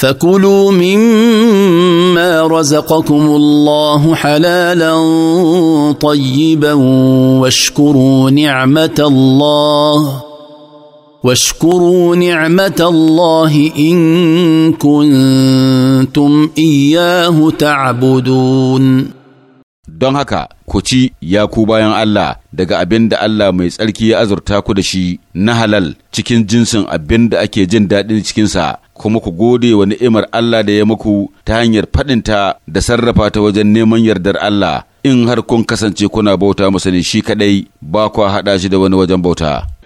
فكلوا مما رزقكم الله حلالا طيبا واشكروا نعمه الله واشكروا نعمه الله ان كنتم اياه تعبدون don haka ku ci ya ku bayan Allah daga abin da Allah mai tsarki ya azurta ku da shi na halal cikin jinsin abin da ake jin daɗin cikinsa kuma ku gode wa ni'imar Allah da ya muku ta hanyar faɗinta da sarrafa ta wajen neman yardar Allah in har kun kasance kuna bauta masa shi kaɗai ba kwa haɗa shi da wani wajen bauta.